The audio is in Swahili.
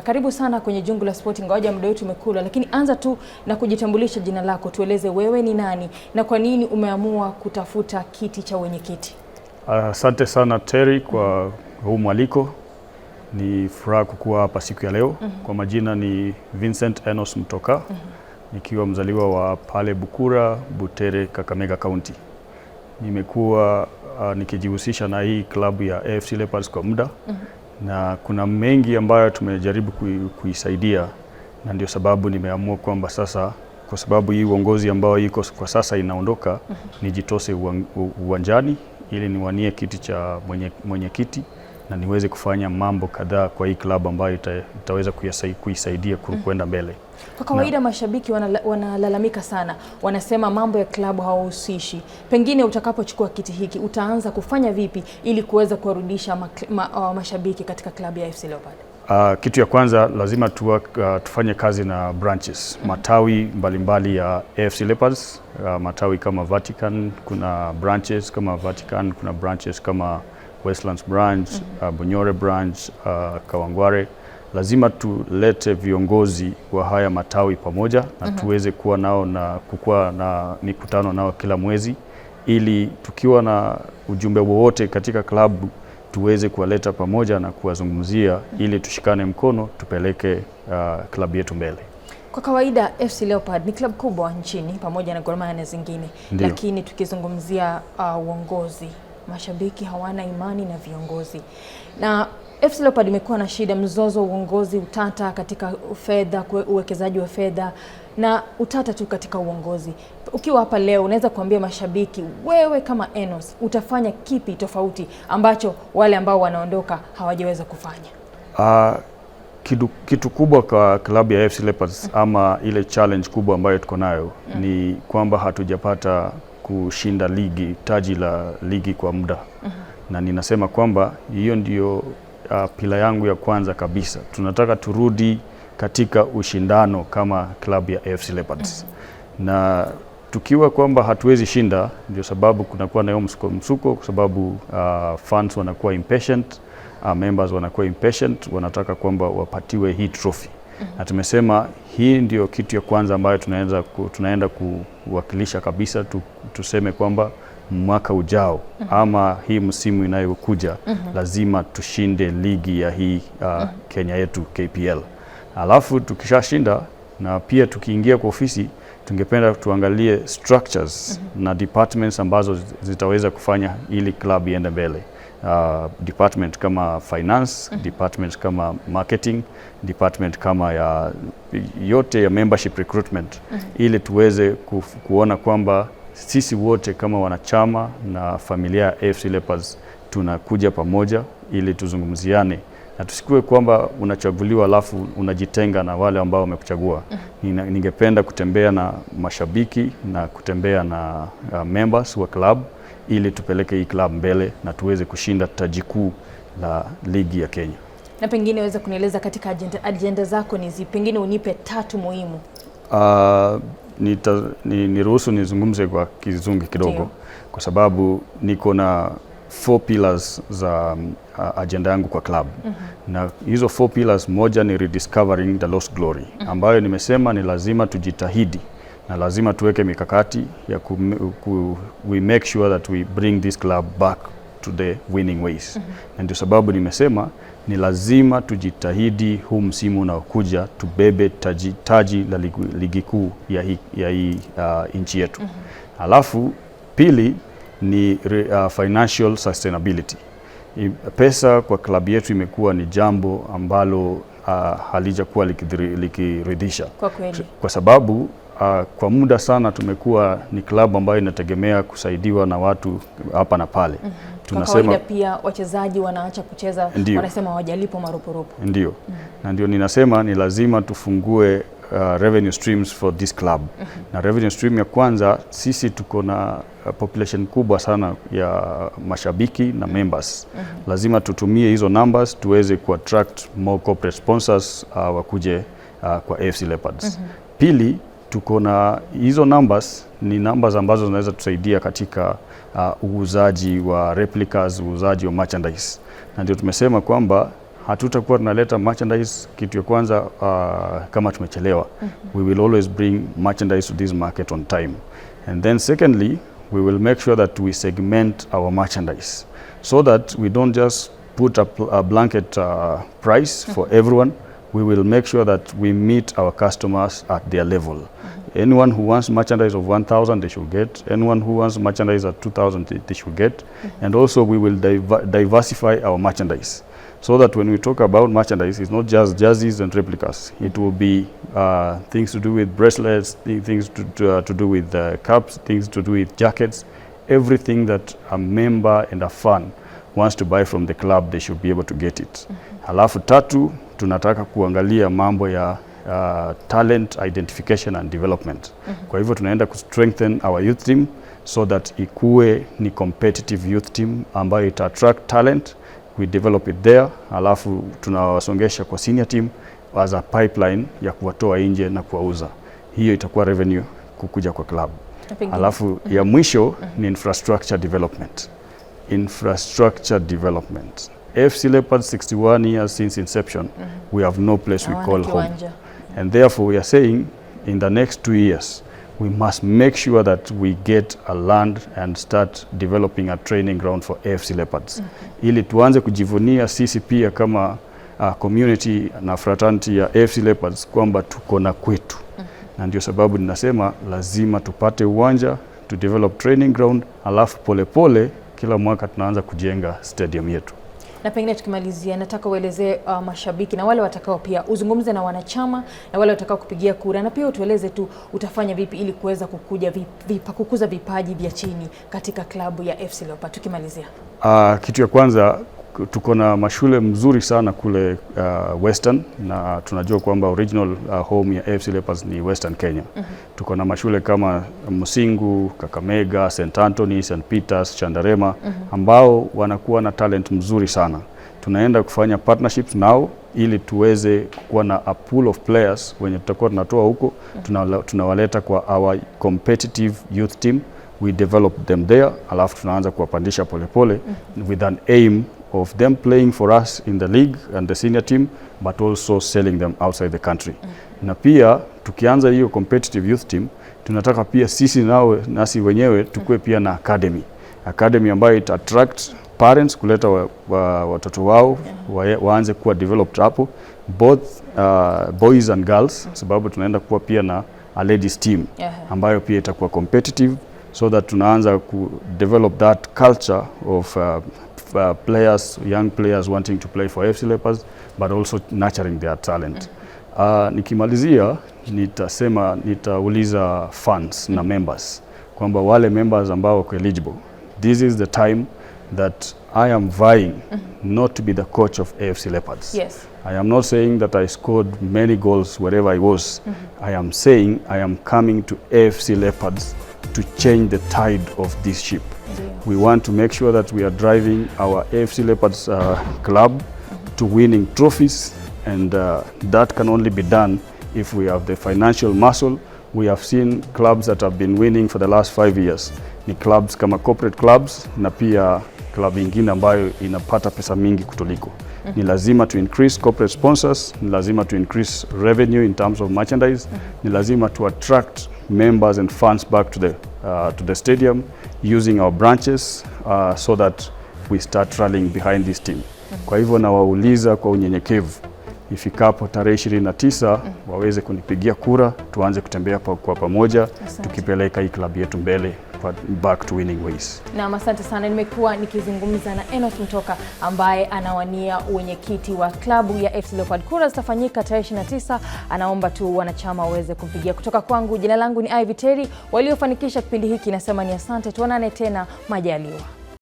Karibu sana kwenye Jungu la Spoti, ingawaja muda wetu umekula, lakini anza tu na kujitambulisha jina lako, tueleze wewe ni nani na kwa nini umeamua kutafuta kiti cha wenyekiti. Asante uh, sana Terry kwa huu mwaliko. Ni furaha kukuwa hapa siku ya leo mm -hmm. Kwa majina ni Vincent Enos Mtoka mm -hmm. Nikiwa mzaliwa wa pale Bukura Butere, Kakamega County. Nimekuwa uh, nikijihusisha na hii klabu ya AFC Leopards kwa muda mm -hmm na kuna mengi ambayo tumejaribu kuisaidia, na ndio sababu nimeamua kwamba sasa, kwa sababu hii uongozi ambayo iko kwa sasa inaondoka, mm -hmm. nijitose uwanjani ili niwanie kiti cha mwenyekiti mwenye na niweze kufanya mambo kadhaa kwa hii klabu ambayo ita, itaweza kuisaidia mhm. kwenda mbele. Kwa kawaida no. Mashabiki wanalalamika wana sana, wanasema mambo ya klabu hawahusishi. Pengine utakapochukua kiti hiki utaanza kufanya vipi ili kuweza kuwarudisha ma, ma, uh, mashabiki katika klabu ya FC Leopards? Uh, ah, kitu ya kwanza lazima tuwa, uh, tufanye kazi na branches mm-hmm. matawi mbalimbali ya AFC Leopards, uh, matawi kama Vatican, kuna branches kama Vatican, kuna branches kama Westlands branch, mm-hmm. uh, Bunyore branch, uh, Kawangware lazima tulete viongozi wa haya matawi pamoja na mm -hmm. tuweze kuwa nao na kukuwa na mikutano nao kila mwezi, ili tukiwa na ujumbe wowote katika klabu tuweze kuwaleta pamoja na kuwazungumzia, ili tushikane mkono tupeleke uh, klabu yetu mbele. Kwa kawaida FC Leopard ni klabu kubwa nchini pamoja na Gor Mahia na zingine. Ndiyo. Lakini tukizungumzia uh, uongozi, mashabiki hawana imani na viongozi na FC Leopards imekuwa na shida, mzozo, uongozi, utata katika fedha, uwekezaji wa fedha na utata tu katika uongozi. Ukiwa hapa leo, unaweza kuambia mashabiki, wewe kama Enos utafanya kipi tofauti ambacho wale ambao wanaondoka hawajaweza kufanya? Uh, ah, kitu, kitu kubwa kwa klabu ya FC Leopards mm. ama ile challenge kubwa ambayo tuko nayo mm, ni kwamba hatujapata kushinda ligi, taji la ligi kwa muda mm -hmm. Na ninasema kwamba hiyo ndio uh, pila yangu ya kwanza kabisa, tunataka turudi katika ushindano kama klabu ya AFC Leopards mm -hmm. na tukiwa kwamba hatuwezi shinda, ndio sababu kunakuwa nayo msuko msuko, kwa sababu uh, fans wanakuwa impatient uh, members wanakuwa impatient, wanataka kwamba wapatiwe hii trophy mm -hmm. na tumesema hii ndio kitu ya kwanza ambayo tunaenda kuwakilisha kabisa tu, tuseme kwamba mwaka ujao mm -hmm. ama hii msimu inayokuja mm -hmm. lazima tushinde ligi ya hii uh, mm -hmm. Kenya yetu KPL, alafu tukishashinda na pia tukiingia kwa ofisi tungependa tuangalie structures mm -hmm. na departments ambazo zitaweza kufanya ili club iende mbele. Uh, department kama finance mm -hmm. department kama marketing, department kama ya yote ya membership recruitment mm -hmm. ili tuweze kuona kwamba sisi wote kama wanachama na familia ya AFC Leopards tunakuja pamoja ili tuzungumziane na tusikue kwamba unachaguliwa alafu unajitenga na wale ambao wamekuchagua. Mm-hmm. Ningependa kutembea na mashabiki na kutembea na uh, members wa club ili tupeleke hii club mbele na tuweze kushinda taji kuu la ligi ya Kenya. Na pengine uweze kunieleza katika ajenda, ajenda zako ni zipi? Pengine unipe tatu muhimu. Uh, nita, ni, niruhusu nizungumze kwa kizungu kidogo kwa sababu niko na four pillars za uh, ajenda yangu kwa club mm -hmm. na hizo four pillars, moja ni rediscovering the lost glory mm -hmm. ambayo nimesema ni lazima tujitahidi na lazima tuweke mikakati ya ku, ku, we make sure that we bring this club back to the winning ways. Mm -hmm. Na ndio sababu nimesema ni lazima tujitahidi huu msimu unaokuja tubebe taji, taji la ligi kuu ya hii hi, uh, nchi yetu. mm -hmm. Alafu pili ni uh, financial sustainability. I, pesa kwa klabu yetu imekuwa ni jambo ambalo uh, halijakuwa likiridhisha kwa, kwa sababu uh, kwa muda sana tumekuwa ni klabu ambayo inategemea kusaidiwa na watu hapa na pale. mm -hmm. Tunasema kwa pia wachezaji wanaacha kucheza, wanasema hawajalipo marupurupu. Ndio. mm -hmm. Na ndio ninasema ni lazima tufungue Uh, revenue streams for this club. Mm -hmm. Na revenue stream ya kwanza sisi tuko na ah, population kubwa sana ya mashabiki na mhm. members. Mm -hmm. Lazima tutumie hizo numbers tuweze ku attract more corporate sponsors uh, wakuje uh, kwa AFC Leopards. Mm -hmm. Pili tuko na hizo numbers, ni numbers ambazo zinaweza tusaidia katika uh, uuzaji uh, wa replicas, uuzaji wa merchandise, na ndio tumesema kwamba hatutakuwa tunaleta merchandise kitu ya kwanza uh, kama tumechelewa. mm -hmm. We will always bring merchandise to this market on time and then secondly we will make sure that we segment our merchandise so that we don't just put a, a blanket uh, price for mm-hmm. everyone we will make sure that we meet our customers at their level. Anyone who wants merchandise of 1,000, they should get. Anyone who wants merchandise at 2,000, they should get. Mm-hmm. And also we will diver diversify our merchandise so that when we talk about merchandise, it's not just jerseys and replicas. It will be uh, things to do with bracelets, th things to, to, uh, to, do with uh, cups, things to do with jackets, everything that a member and a fan wants to buy from the club they should be able to get it. Mm -hmm. Halafu tatu tunataka kuangalia mambo ya uh, talent identification and development. Mm -hmm. Kwa hivyo tunaenda ku strengthen our youth team so that ikue ni competitive youth team ambayo ita attract talent, we develop it there, halafu tunawasongesha kwa senior team as a pipeline ya kuwatoa nje na kuwauza. Hiyo itakuwa revenue kukuja kwa club. Halafu ya mm-hmm. mwisho mm-hmm. ni infrastructure development infrastructure development. FC Leopard 61 years since inception, mm -hmm. we have no place we call home. And therefore we are saying in the next two years, we must make sure that we get a land and start developing a training ground for AFC Leopards mm -hmm. ili tuanze kujivunia sisi pia kama uh, community na fraternity ya AFC Leopards kwamba tuko na kwetu mm -hmm. na ndio sababu ninasema lazima tupate uwanja to develop training ground, alafu polepole pole, kila mwaka tunaanza kujenga stadium yetu. Na pengine tukimalizia, nataka uelezee uh, mashabiki na wale watakao pia uzungumze na wanachama na wale watakao kupigia kura, na pia utueleze tu utafanya vipi ili kuweza kukuja vipa, kukuza vipaji vya chini katika klabu ya FC Leopards tukimalizia. Uh, kitu ya kwanza tuko na mashule mzuri sana kule uh, Western na tunajua kwamba original uh, home ya AFC Leopards ni Western Kenya. mm -hmm. Tuko na mashule kama Musingu, Kakamega, St Anthony, St Peters, Chandarema mm -hmm. ambao wanakuwa na talent mzuri sana. Tunaenda kufanya partnerships nao ili tuweze kuwa na a pool of players wenye tutakuwa tunatoa huko mm -hmm. tunawaleta kwa our competitive youth team we develop them there, alafu tunaanza kuwapandisha polepole mm -hmm. with an aim of them playing for us in the league and the senior team but also selling them outside the country mm -hmm. na pia tukianza hiyo competitive youth team tunataka pia sisi nao nasi wenyewe tukue pia na academy academy ambayo ita attract parents kuleta wa, wa, watoto wao yeah. wa, waanze kuwa developed hapo both uh, boys and girls mm -hmm. sababu tunaenda kuwa pia na a ladies team yeah. ambayo pia itakuwa competitive so that tunaanza ku develop that culture of uh, uh, players, young players wanting to play for FC Leopards but also nurturing their talent. Mm-hmm. Uh, nikimalizia nitasema nitauliza fans na mm-hmm. members kwamba wale members ambao wako eligible, this is the time that I am vying mm -hmm. not to be the coach of AFC Leopards. Yes. I am not saying that I scored many goals wherever I was. Mm -hmm. I am saying I am coming to AFC Leopards to change the tide of this ship. Mm -hmm we want to make sure that we are driving our AFC Leopards uh, club to winning trophies and uh, that can only be done if we have the financial muscle. We have seen clubs that have been winning for the last five years ni clubs kama corporate clubs na pia club ingine ambayo inapata pesa mingi kutuliko. Mm -hmm. Ni lazima to increase corporate sponsors, ni lazima to increase revenue in terms of merchandise, mm -hmm. ni lazima to attract members and fans back to the, uh, to the stadium using our branches uh, so that we start rallying behind this team. Kwa hivyo nawauliza kwa unyenyekevu ifikapo tarehe ishirini na tisa waweze kunipigia kura tuanze kutembea kwa pamoja tukipeleka hii klabu yetu mbele back to winning ways. Na asante sana, nimekuwa nikizungumza na Enos Mtoka ambaye anawania wenyekiti wa klabu ya FC Leopard. Kura zitafanyika tarehe 29. Anaomba tu wanachama waweze kumpigia. Kutoka kwangu, jina langu ni Ivy Terry. Waliofanikisha kipindi hiki nasema ni asante, tuonane tena majaliwa.